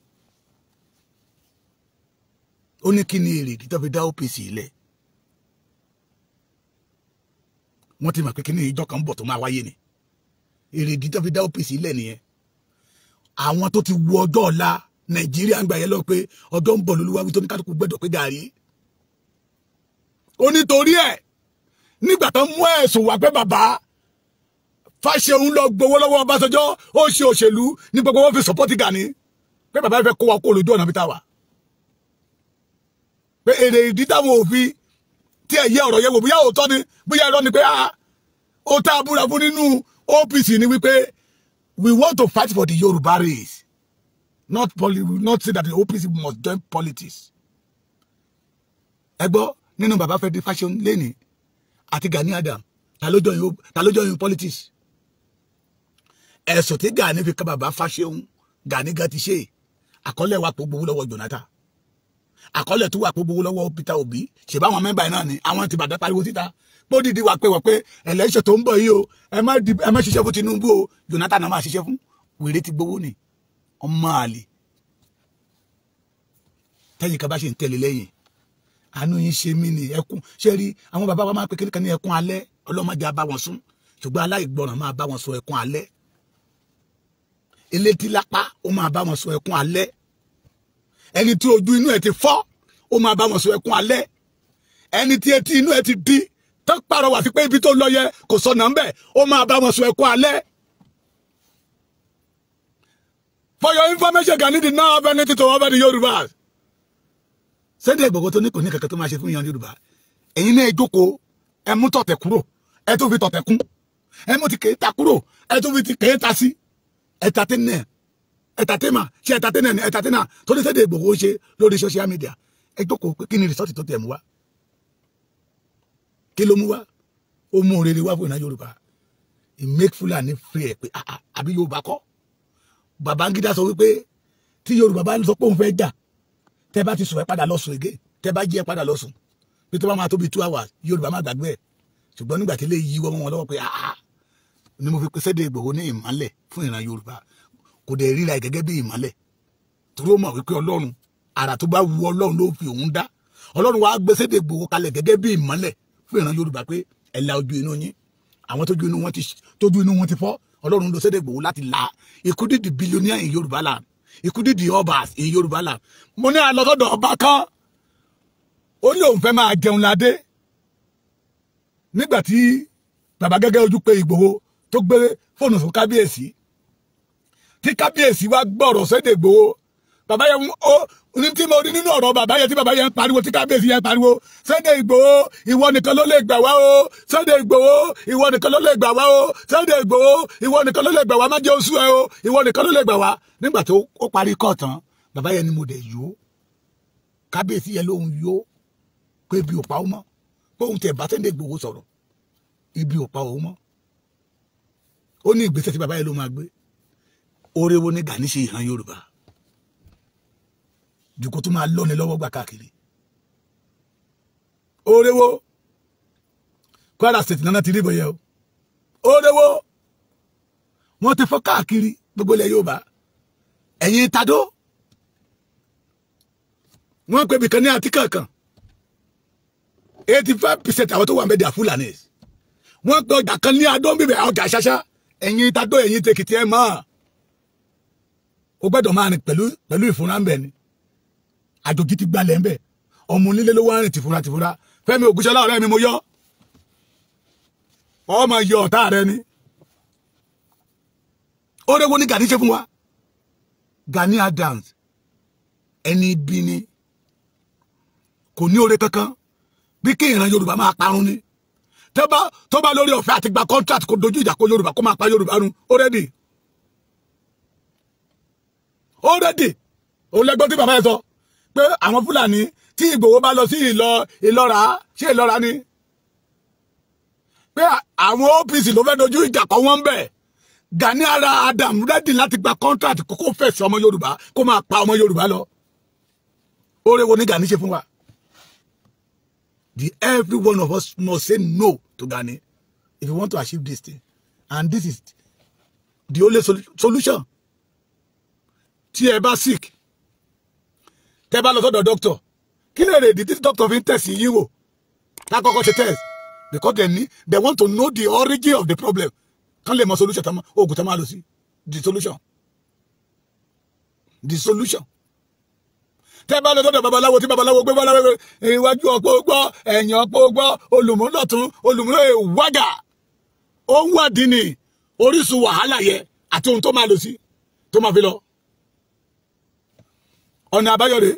[SPEAKER 2] ó ní kí ni èrèdí tó fi dá OPC ilẹ̀ wọ́n ti mọ̀ pé kíní ìjọ kan bọ̀ tó máa wáyé ni èrèdí tó fi dá OPC ilẹ̀ nìyẹn àwọn tó ti wo ọjọ́ ọ̀la Nàìjíríà ń gbà yẹn lọ pé ọjọ́ ń bọ̀ lólúwàwí tó ní kálukú gbẹ́dọ̀ pé gàrí ó nítorí ẹ̀ nígbà tó mú ẹ̀sùn wá bàbá fàṣẹun lọ gbowó lọ́wọ́ Ọbásanjọ́ ó ṣe òṣèlú ní gbogbo wọn fi sọpọ́tì Gani pé bàbá fẹ́ kó wa kó lójú ọ̀nà bíta wa pé èrè ìdí táwọn òfin tí ẹ yẹ ọ̀rọ̀ yẹ wò bóyá òótọ́ ni bóyá irọ́ ni pé a ah, ó tá a búra fún nínú OPC ni wípé we want to fight for the Yorùbá race not poli not say that the OPC must join politics ẹ gbọ́ nínú bàbá fẹ́ di fàṣẹun lẹ́nìí àti Gani Adam ta ló join politics ẹ̀sùn tí Gani fi kan bàbá Fáṣẹ̀hùn Gani gan ti ṣe àkọlé wa pò gbowó lọ́wọ́ Jonathan àkọlé tó wà pò gbowó lọ́wọ́ Peter Obi ṣèbá àwọn mẹ́mbà náà ni àwọn ti bàdá pariwo síta pódìdí wa pé wọ́n pé ẹlẹ́ṣẹ̀ tó ń bọ̀ yìí o ẹ má ṣiṣẹ́ fún Tinubu o Jonathan náà máa ṣiṣẹ́ fún wèrè ti gbowó ni ọmọ àlè tẹ́yìn kan bá ṣe ń tẹ̀lé lẹ́yìn àánú yín ṣe mí ni ẹkún ṣé rí àwọn bàbá wa máa pe kíníkan ní ẹkún alẹ́ ọlọ́mọdé á bá wọn sún ṣùgbọ́n aláìgbọràn máa bá wọn sọ ẹkún alẹ́ elétí lápá ó máa bá wọn sọ ẹkún alẹ́ ẹni tí ojú inú ẹ ti fọ́ ó máa bá wọn sọ ẹkún alẹ́ ẹni tí etí inú ẹ ti di tán pàrọwà sí pé ibi tó lọ yẹ kò sọnà ń bẹ ó máa bá wọn sọ ẹkún alẹ́. For your information Gani did not have anything to offer the Yorubas. Sunday Igboho tó ní kò ní kankan tó máa ṣe fún yan Yorùbá ẹ̀yin náà jókòó ẹ mú tọ̀tẹ̀ kúrò ẹ tó fi tọ̀tẹ̀ kún ẹ ti kèé ta kúrò ẹ tó fi ti kèé ta sí entertainment entertainment ṣe entertainment ni entertainment tó ní sẹ́dẹ̀ Ìgbòho ṣe lórí social media ẹ jókòó pé kí ni resort tó tẹ̀ mú wá kí ló mú wá ó mú rere wá fún ìná Yorùbá e make Fulani free ẹ pé ah, ah, àbí Yorùbá kọ́ Babangida sọ wípé tí Yorùbá bá sọ pé òun fẹ́ jà tẹ́ bá ti sùn ẹ padà lọ sùn ege tẹ́ bá jí ẹ padà lọ sùn pé tó bá máa tóbi two hours Yorùbá má gbàgbé ẹ ṣùgbọ́n nígbà tí ilé yíwọ́ wọn lọ́wọ́ pé ah, ni mo fi pe Sunday Igboho ní ìmọ́lẹ̀ fún ìran Yorùbá kò dẹ̀ ríra ẹ̀ gẹ́gẹ́ bí ìmọ́lẹ̀ torí ó mọ̀ wípé Ọlọ́run àrà tó bá wu Ọlọ́run ló fi òun dá Ọlọ́run wàá gbé Sunday Igboho kalẹ̀ gẹ́gẹ́ bí ìmọ́lẹ̀ fún ìran Yorùbá pé ẹ la ojú inú yín àwọn tójú inú wọn ti tójú inú wọn ti fọ́ Ọlọ́run ló Sunday Igboho láti la ikú dídì bílíọ̀nìà Yorùbá land ikú ọba in Yorùbá land mo ní alọ́sọ́dọ̀ ọba kan ó ní òun fẹ́ máa jẹun ládé nígbà tí bàbá gẹ́gẹ́ ojú pé Ìgbòho tó gbé fóònù fún kábíyèsí tí kábíyèsí wá gbọ́rọ̀ sédè gbowó bàbá yẹn ó ní tí mo rí nínú ọ̀rọ̀ bàbá yẹn tí bàbá yẹn pariwo tí kábíyèsí yẹn pariwo Sunday Igboho ìwọ nìkan ló lè gbà wá o Sunday Igboho ìwọ nìkan ló lè gbà wá o Sunday Igboho ìwọ nìkan ló lè gbà wá má jẹ́ oṣù ẹ o ìwọ nìkan ló lè gbà wá nígbà tó ó parí kọ̀ọ̀tàn bàbá yẹn ni mo dẹ̀ yó kábíyèsí yẹn lòun yó pé ibi ò pa ó mọ́ pé òun tẹ̀ bá Sunday Igboho sọ̀rọ̀ ibi ò pa ó mọ́ ó ní ìgbésẹ̀ tí bàbá yìí ló máa gbé oore ní Gani ṣe ìran Yorùbá jùkú tó máa lọ́ni lọ́wọ́ gbà káàkiri oore Kwara state nana ti rí bọ̀yẹ o oore wo wọ́n ti fọ́ káàkiri gbogbo ilẹ̀ Yorùbá ẹ̀yin tadó wọ́n pe ibìkan ní àti kankan eighty five percent àwọn tó wà mẹ́ta Fúlàní wọ́n pe ọjà kan ní adó bíbẹ̀ ọjà ṣáṣá ẹ̀yin tató ẹ̀yin tèkìtì ẹ̀ mọ́ o gbọ́dọ̀ máa rìn pẹ̀lú pẹ̀lú ìfura ń bẹ̀ ni àjòjì ti gbalẹ̀ ń bẹ̀ ọmọ onílé ló wá tìfura tìfura Fẹ́mi Ògúnṣọlá ọ̀rẹ́ mi mo yọ ọmọ yọ ọ̀tá rẹ ni ó rẹ́wọ́ ní Gani ṣe fún wa Gani Adams ẹni ibi ni kò ní oore kankan bí kí ìran Yorùbá máa parun ni tọ́ba tọ́ba lórí ọ̀fẹ́ àti gba contract kò dojú ìjà kó yorùbá kó máa pa yorùbá run already already òun lẹ́gbọ́n tí bàbá yẹn sọ pé àwọn fúlàní tí ìgbòho bá lọ sí ìlọ ìlọ́ra ṣé ìlọ́ra ni pé àwọn OPC ló fẹ́ dojú ìjà kọ wọ́n bẹ̀ Gani ara Adam ready láti gba contract kó kó fẹ̀sọ̀ ọmọ yorùbá kó máa pa ọmọ yorùbá lọ oore wo ni Gani ṣe fún wa. The every one of us must say no to Ghani if you want to achieve this thing. And this is the only sol solution. Tí ẹ bá sick, tẹ́ bá lọ doctor, kí lè rè di doctor fi ń tẹ̀sí yín wò? Tá test because they need, they want to know the origin of the problem. Can lè mọ solution tá ma oògùn tá ma the solution. The solution. tẹ́ bá babaláwo tí babaláwo gbé babaláwo iwájú ọ̀pọ̀ gbọ́ ẹ̀yìn ọ̀pọ̀ gbọ́ olùmúlọ̀tún olùmúlọ̀ ìwájà ó ń wádìí orísun wàhálà yẹ àti ohun tó máa lò sí tó máa fi lọ ọ̀nà àbáyọ̀dé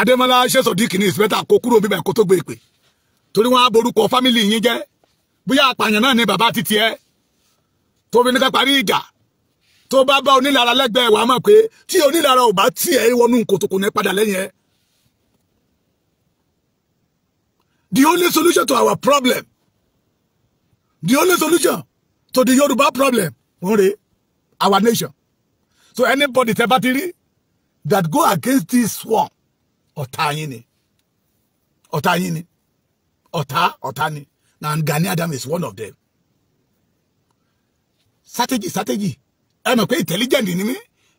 [SPEAKER 2] adémọlá díkì ní kó kúrò bíbẹ̀ kó tó gbé ìpè torí wọn á borúkọ fámìlì yín tó bá bá onílara lẹ́gbẹ̀ẹ́ wàá mọ̀ pé tí onílara ò bá tiẹ̀ wọnú kòtòkò ní padà lẹ́yìn ẹ̀. The only solution to our problem the only solution to the Yoruba problem wọ́n re our nation so anybody tẹ́ bá ti rí that go against this one ọ̀tá yín ni ọ̀tá yín ni ọ̀tá ọ̀tá ni and Gani Adam is one of them strategy strategy ẹ mọ̀ pé intelligent ni mí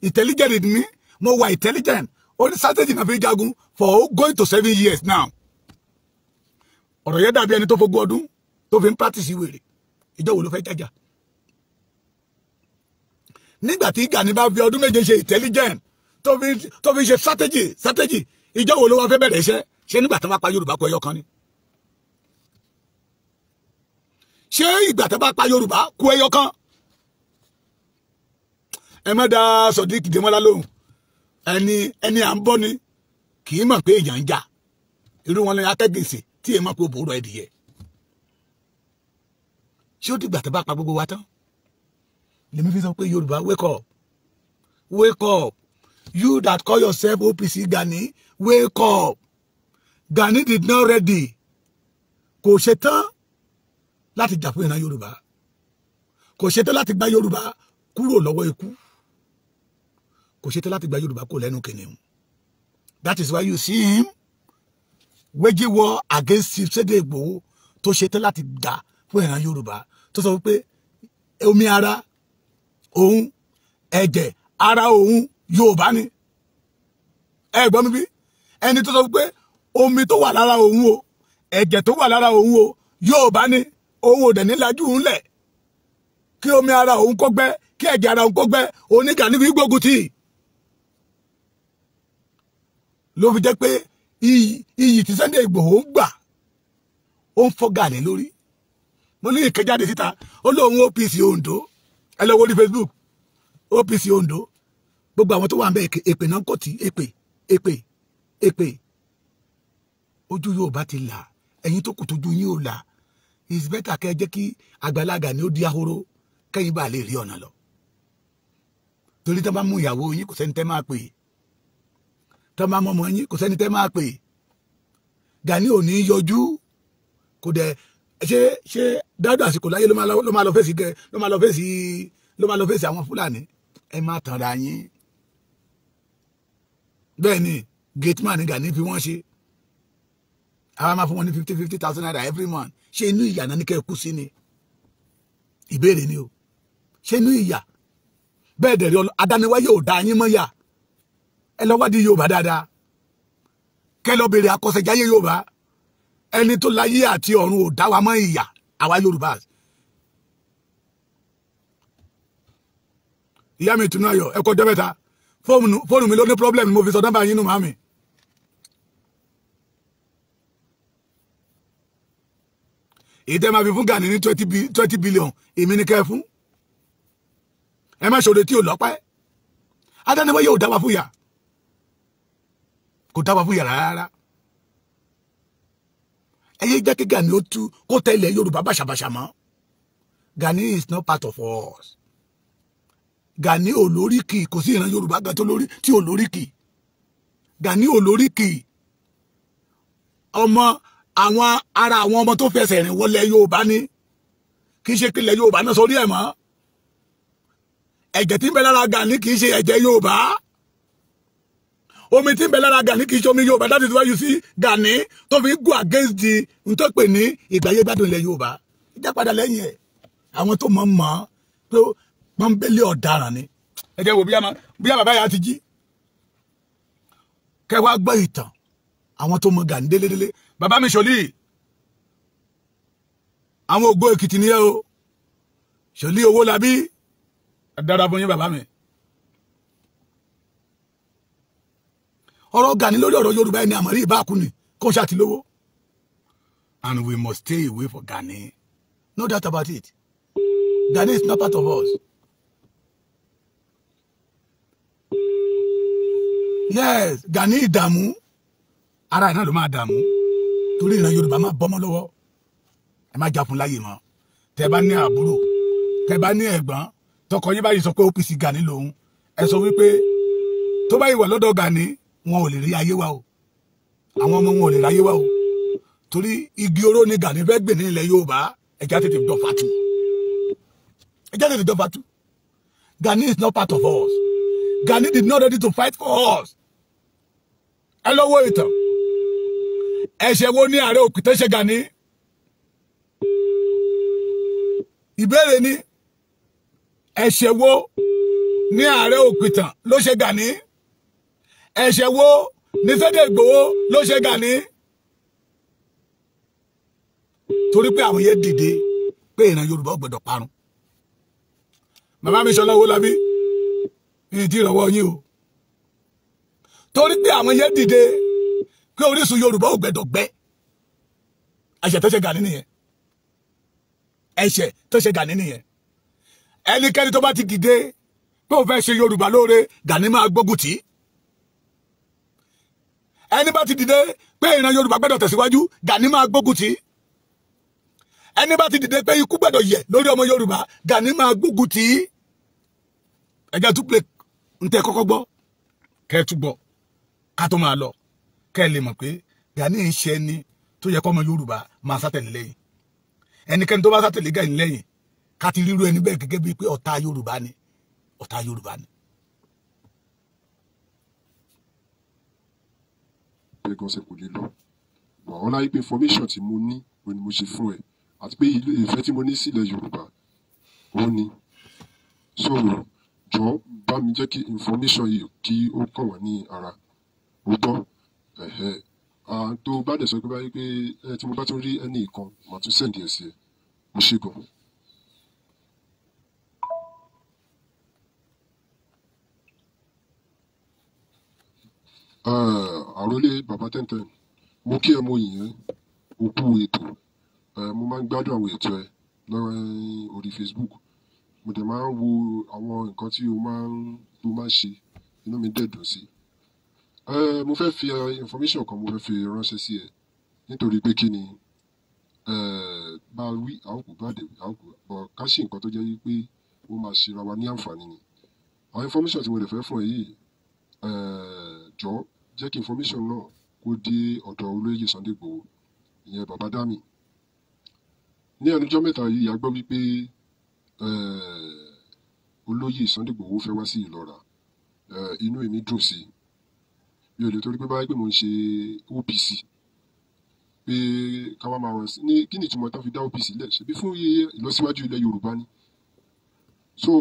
[SPEAKER 2] intelligent ni mí mo wà intelligent ó ní strategy náà fi jagun for going to seven years now ọ̀rọ̀ yẹn dàbí ẹni tó fogún ọdún tó fi ń practice wèrè ìjọ wo ló fẹ́ jájà nígbà tí Gani bá fi ọdún méje ṣe intelligent tó fi tó fi ṣe strategy strategy ìjọ wo ló wá fẹ́ bẹ̀rẹ̀ iṣẹ́ ṣé nígbà tó bá pa Yorùbá kọ ẹyọ kan ni ṣé ìgbà tó bá pa Yorùbá kú ẹyọ kan ẹ má da sodiq demola lóhùn ẹni ẹni à ń bọ́ ni kì í mọ̀ pé èèyàn ń jà irú wọn lẹ́yìn akẹ́gẹ̀ẹ́sì tí èèyàn mọ̀ pé òbòrò ẹ̀dìyẹ ṣé ó dìgbà tó bá pa gbogbo wa tán lèmi fi sọ pé yorùbá wake up wake up you that call yourself OPC Gani wake up Gani did not ready kò ṣetán láti jà fún ìran yorùbá kò ṣetán láti gba yorùbá kúrò lọ́wọ́ ikú kò ṣetán láti gba Yorùbá kò lẹ́nu kìnìún that is why you see him waging war against Sunday Igboho tó ṣetán láti dà fún ìran Yorùbá tó sọ wípé omi ara òun ẹ̀jẹ̀ ara òun Yorùbá ni ẹ gbọ́ mi bí ẹni tó sọ wípé omi tó wà lára òun o ẹ̀jẹ̀ tó wà lára òun o Yorùbá ni òun ò dẹ̀ nílájú òun lẹ̀ kí omi ara òun kó gbẹ kí ẹ̀jẹ̀ ara òun kó gbẹ oníkàní fi gbógun tì Lo fi jẹ́ pé iyì tí Sunday Igboho ń gbà ó ń fọ́gà lé lórí mo ní ìkẹjáde síta ó lóun OPC Ondo ẹ lọ wo ní Facebook OPC Ondo gbogbo àwọn tó wà ń bẹ èpè náà kò tí èpè èpè èpè ojú Yorùbá ti là ẹ̀yin tó kù tójú yín ò là is better kẹ́ jẹ́ kí àgbàlagbà ni ó di ahoro kẹ́yìn bá lè rí ọ̀nà lọ torí tẹ́ bá mú ìyàwó yín kò sẹ́ni tẹ́ máa pè é tọ́ máa mọ̀ mọ́ yín kò sẹ́ni tẹ́ máa pè Gani ò ní yọjú kò dẹ̀ ṣé ṣé dáadọ́ àsìkò láyé ló máa lọ fèsì ló máa lọ fèsì ló máa lọ fèsì àwọn Fúlàní ẹ má tanra yín bẹ́ẹ̀ ni gateman ni Gani fi wọ́n ṣe àwọn máa fún wọn ní fifty fifty thousand naira every month ṣé inú ìyà náà ní kẹ́ ẹ kú sí ni ìbéèrè ni o ṣé inú ìyà bẹ́ẹ̀ dẹ̀ rí adániwáyé ò dá yín mọ́ yà ẹ lọ wádìí yorùbá dáadáa kẹ lọ béèrè akọsẹjáyé yorùbá ẹni tó láyé àti ọ̀run ò dá wa mọ́ ìyà àwa yorùbá. ìyá mi tún náà yọ ẹ kọ ọjọ́ mẹ́ta fóònù mi ló ní pírọ́blẹ̀mù mo fi sọ nọ́mbà yín nù màmí. èyí tẹ́ máa fi fún Gani ní twenty billion èmi ní kẹ́ fún ẹ má ṣòro tí ò lọ́pẹ́ adániwáyé ò dá wa fún yà kò dáwà fún yàrá rárá ẹ yé jẹ́ kí Gani ó tú kó tẹ ilẹ̀ Yorùbá bàṣàbàṣà mọ́ Gani is not part of us Gani olóríkì kò sí ìran Yorùbá gan tó tí olóríkì Gani olóríkì ọmọ àwọn ara àwọn ọmọ tó fẹsẹ̀ rìn wọlé Yorùbá ni kì í ṣe kílẹ̀ Yorùbá náà sórí ẹ̀ mọ́ ẹ̀jẹ̀ tí ń bẹ lára Gani kì í ṣe ẹ̀jẹ̀ Yorùbá omi tí ń bẹ lára Gani kì í ṣe omi Yorùbá that is why you see Gani tó fi go against the n tó pè ní ìgbàyé gbádùn ilẹ̀ Yorùbá ìjà padà lẹ́yìn ẹ̀ àwọn tó mọ̀ mọ̀ pé pọ́nbélé ọ̀daràn ni ẹ jẹ́ wo a bàbá yà á ti jí kẹwàá gbọ́ ìtàn àwọn tó mọ̀ Gani délédélé bàbá mi ṣòlí àwọn ògbó Èkìtì nìyẹn o ṣòlí owó labí dára fún yín bàbá mi. ọ̀rọ̀ Gani lórí ọ̀rọ̀ Yorùbá ẹni àmọ́rí ìbáàkúni kó ṣàtìlówó and we must stay away from Gani no doubt about it Gani is not part of us. yes Gani ìdààmú ara ẹ̀ náà ló máa dààmú torí ìran Yorùbá máa bọ́mọ lọ́wọ́ ẹ má jà fún láyè mọ́ tẹ bá ní àbúrò tẹ bá ní ẹ̀gbọ́n tọkọ yín báyìí sọ pé OPC Gani lòun ẹ sọ wípé tó báyìí wà lọ́dọ̀ Gani wọn ò lè rí ayé wa o àwọn ọmọ wọn ò lè rí ayé wa o torí igi oró ni Gani fẹ́ gbìn ní ilẹ̀ Yorùbá ẹja tètè dọ̀fà tu ẹja tètè dọ̀fà tu Gani is not part of us Gani did not ready to fight for us ẹ lọ wo ìtàn ẹ̀ṣẹ̀ wo ni ààrẹ òkìtẹ́ ṣe Gani ìbéèrè ni ẹ̀ṣẹ̀ wo ni ààrẹ òkìtàn ló ṣe Gani ẹ̀ṣẹ̀ wo ní Sunday Igboho ló ṣe Gani torí pé àwọn yẹn dìde pé ìran Yorùbá gbọ́dọ̀ parun màmá mi Ṣọlá Owólabí ní ti ìrànwọ́ yín o torí pé àwọn yẹn dìde pé orísun Yorùbá gbọ́dọ̀ gbẹ ẹ̀ṣẹ̀ tó ṣe Gani nìyẹn ẹ̀ṣẹ̀ tó ṣe Gani nìyẹn ẹnikẹ́ni tó bá ti dìde pé òun fẹ́ ṣe Yorùbá lóore Gani máa gbógun tì í ẹni bá ti dìde pé ìran yorùbá gbẹ́dọ̀ tẹ̀síwájú Gani máa gbógun tì í ẹni bá ti dìde pé ikú gbẹ́dọ̀ yẹ lórí ọmọ yorùbá Gani máa gbógun tì í ẹjẹ tún play ntẹ kọ́kọ́ gbọ́ kẹ́ tún gbọ́ ká tó máa lọ kẹ́ lè mọ̀ pé Gani ń ṣe ẹni tó yẹ kọ́mọ yorùbá máa sátẹ̀lé lẹ́yìn ẹnikẹ́ni tó bá sátẹ̀lé Gani lẹ́yìn ká ti ríru ẹni bẹ́ẹ̀ gẹ́gẹ́ bíi pé ọ̀tá yorùbá
[SPEAKER 1] ni ọ̀tá yorùbá ni jẹ́ kí wọ́n sẹ́ kò lè lọ bọ̀ àwọn láyé pé information tí mo ní òun ni mo ṣe fún ẹ àti pé ìfẹ́ tí mo ní sílẹ̀ Yorùbá òun ni sọ̀rọ̀ jọ bá mi jẹ́ kí information yìí kí ó kàn wọ́n ní ara ó gbọ́ ẹ̀hẹ́ tó bá dẹ̀ sọ pé báyìí pé tí mo bá tún rí ẹnì kan màá tún sẹ́ǹdì ẹ̀ sí ẹ mo ṣe gan. Eh, àròlé bàbá tẹ́ntẹ́n mo kí ẹ mo yìn ẹ́ o kú ètò eh, mo máa ń gbádùn àwọn ètò ẹ lọ́wọ́ orí Facebook mo dẹ̀ máa ń wo àwọn nǹkan tí o máa ń tó máa ṣe inú mi dẹ̀ sí. Eh, mo fẹ́ fi information kan mo fẹ́ fi ránṣẹ́ sí ẹ nítorí pé kí ni bá a wí àwòkù bá a dẹ̀ wí àwòkù bọ̀ ká ṣe nǹkan tó jẹ́ wípé ó máa ṣe ra wa ní àǹfààní ni àwọn information tí mo lè fẹ́ fún ẹ yìí jọ jẹ́ kí information náà kó dé ọ̀dọ̀ olóyè Sunday Igboho ìyẹn bàbá Dami ní ẹnujọ́ mẹ́ta yìí a gbọ́ wípé olóyè Sunday Igboho fẹ́ wá sí Ìlọ́ra inú èmi dùn sí mi ò lè torí pé báyìí pé mo ń ṣe OPC pé ká wá máa wọ̀ sí ní kí ni ìtumọ̀ tá fi dá OPC lẹ̀ ṣebí fún iye ìlọsíwájú ilẹ̀ Yorùbá ni so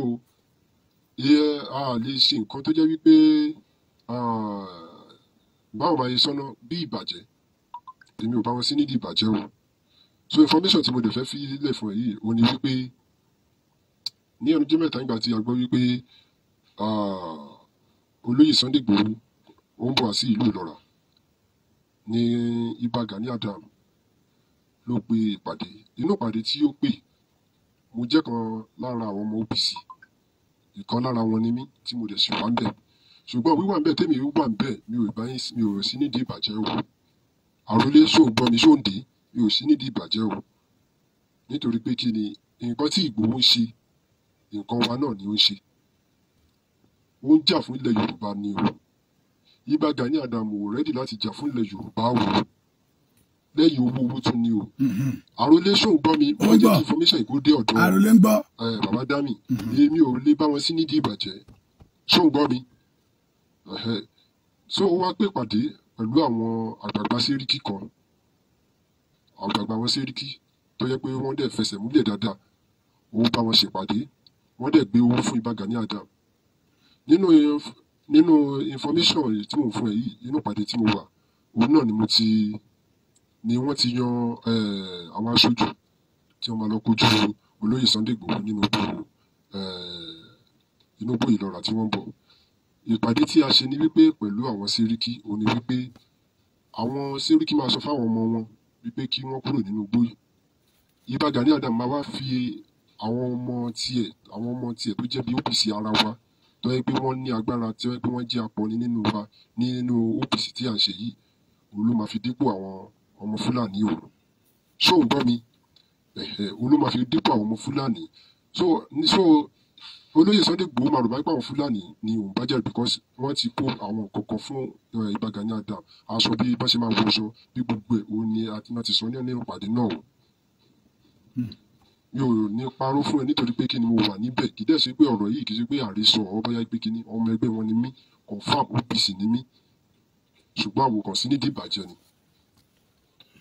[SPEAKER 1] iye a lè ṣe nǹkan tó jẹ́ wípé báwo máa yẹ sọ́nà bí ìbàjẹ́ èmi ò bá wọn sí nídìí ìbàjẹ́ o so information tí mo dẹ̀ fẹ́ fi lẹ̀ fún ẹ yìí òun ni wípé ní ẹnu jẹ́ mẹ́ta nígbà tí a gbọ́ wípé olóyè Sunday Igboho ó ń bọ̀ wá sí ìlú Ìlọ́ra ní Ìbà Gani Adam ló pe ìpàdé inú ìpàdé tí ó pè mo jẹ́ kan lára àwọn ọmọ OPC ìkan lára wọn ni mí tí mo dẹ̀ sì wá ń bẹ̀ ṣùgbọ́n wíwà ń bẹ̀ tèmi wíwà ń bẹ̀ mi ò bá yín mi ò sí nídìí ìbàjẹ́ o àròlé ṣóun gbọ́ mi ṣóun dé mi ò sí nídìí ìbàjẹ́ o nítorí pé kí ni nǹkan tí Ìgbòho ń ṣe nǹkan wa náà ni ó ń ṣe ó ń jà fún ilẹ̀ Yorùbá ni o Ìbà Gani Adams ò rẹ́dì láti jà fún ilẹ̀ Yorùbá o lẹ́yìn owó owó tún ni o mm-hmm. àròlé ṣóun gbọ́ mi wọ́n jẹ́ kí information ìkó dé ọ̀dọ́ àròlé ń gbọ́ eh, bàbá dami mm-hmm. èmi ò lè bá wọn sí nídìí ìbàjẹ́ ṣóun gbọ́ mi so ó wá pè pàdé pẹ̀lú àwọn àgbààgbà sẹ́ríkì kan àgbààgbà wọn sẹ́ríkì tó yẹ pé wọ́n dẹ̀ fẹsẹ̀ múlẹ̀ dáadáa ó bá wọn ṣèpàdé wọ́n dẹ̀ gbé owó fún Ìbà Gani Adam nínú nínú information tí mò ń fún ẹ yìí nínú ìpàdé tí mo wà òun náà ni mo ti ni wọ́n ti yan eh, àwọn aṣojú tí wọ́n máa lọ kojú olóyè Sunday Igboho nínú igbó eh, inú igbó Ìlọrà tí wọ́n ń bọ̀ ìpàdé tí a ṣe ni wípé pẹ̀lú àwọn sẹ́ríkí òun ni wípé àwọn sẹ́ríkí máa sọ fáwọn ọmọ wọn wípé kí wọ́n kúrò nínú igbó yìí Ìbà Gani Adams máa wá fi àwọn ọmọ tiẹ̀ àwọn ọmọ tiẹ̀ tó jẹ́ bí OPC ara wa tó yẹ pé wọ́n ní agbára tó yẹ pé wọ́n jẹ́ apọ̀ni nínú wa nínú OPC tí à ń ṣe yìí òun fi dípò àwọn ọmọ Fúlàní òru ṣó ń gbọ́ mi òun fi dípò àwọn ọmọ Fúlàní so olóyè Sunday Igboho máa báyìí pàwọn fúlàní ni òun bá jẹ́ because wọ́n ti kó àwọn kọ̀ọ̀kan fún eh, Ìbà Gani Adams aṣọ bí bá ṣe máa wo aṣọ bí gbogbo ẹ̀ òun ni àti láti sọ ní ìpàdé náà hmm. mi ò ní parọ́ fún ẹ nítorí pé kí ni mo wà níbẹ̀ kì í dẹ̀ ṣe pé ọ̀rọ̀ yìí kì í ṣe pé àrísọ ọ̀rọ̀ bóyá pé kí ni ọmọ ẹgbẹ́ wọn ni mí confam OPC ni mí ṣùgbọ́n àwòkàn sí nídìí ìbàjẹ́ ni.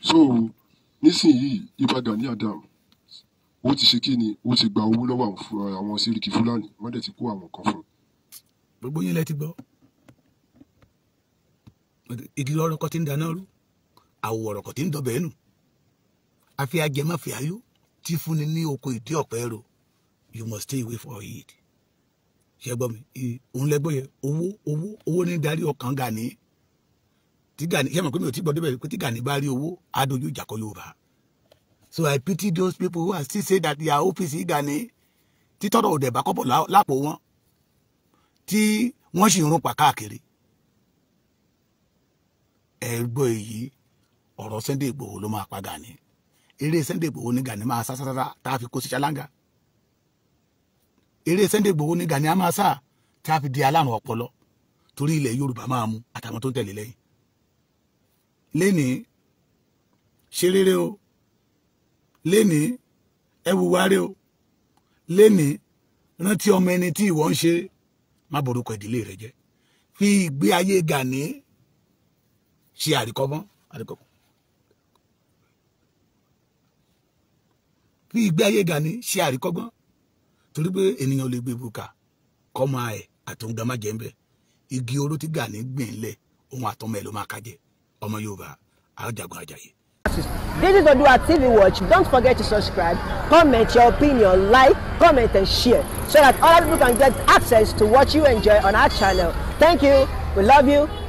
[SPEAKER 1] so nísìnyí Ìbà Gani Adams ó ti ṣe kí ni ó ti gba owó lọ́wọ́ àwọn síríkì fúlàní wọ́n dẹ̀ ti kó àwọn kan fún un. gbogbo yín
[SPEAKER 2] lẹ ti gbọ́ igi ọ̀rọ̀ ti ń dáná rú àwọ̀ ọ̀rọ̀ ti ń dọ̀bẹ̀ nù àfi ajẹmáfi ayó tí fúnni ní oko ìdí ọ̀pẹ ro you must stay away from it ṣe gbọ́ mi òun lẹ́gbọ́ yẹn owó owó owó ní darí ọkàn Gani tí Gani ṣé mo pé mi ò tí gbọ́ débẹ̀ pé tí Gani bá rí owó á dojú ìjà kọ Yorùbá So I pity those people who are still say that their hope is eager ni tí tọ́rọ̀ ò dẹ̀ bá kọ́bọ̀ lápò wọn tí wọ́n sì ń rún pa káàkiri. Ẹ gbọ́ èyí ọ̀rọ̀ Sunday Ìgbòho ló máa pa Gani eré Sunday Ìgbòho ní Gani máa sá sára tá a fi kó sí ṣáláńgà eré Sunday Ìgbòho ní Gani á máa sá tá a fi di alárùn ọpọlọ torí ilẹ̀ Yorùbá máa mu àtàwọn tó ń tẹ̀lé lẹ́yìn lẹ́nìí ṣe rere o lénìí ẹ wùwárí o lénìí rántí ọmọ ẹni tí ìwọ ń ṣe má borúkọ ìdílé rẹ jẹ fi ìgbé ayé Gani ṣe àríkọ́gbọ́n àríkọ́gbọ́n fi ìgbé ayé Gani ṣe àríkọ́gbọ́n torí pé ènìyàn lè gbé ibùkà kọ́mọ ẹ̀ àtúndàmá jẹ́ igi oró tí Gani gbìn lẹ̀ ohun àtọmọ ẹ̀ ló máa kájẹ ọmọ Yorùbá àjàgùn àjàyè.
[SPEAKER 1] This is Odua TV Watch. Don't forget to subscribe, comment your opinion, like, comment and share so that other people can get access to what you enjoy on our channel. Thank you. We love you.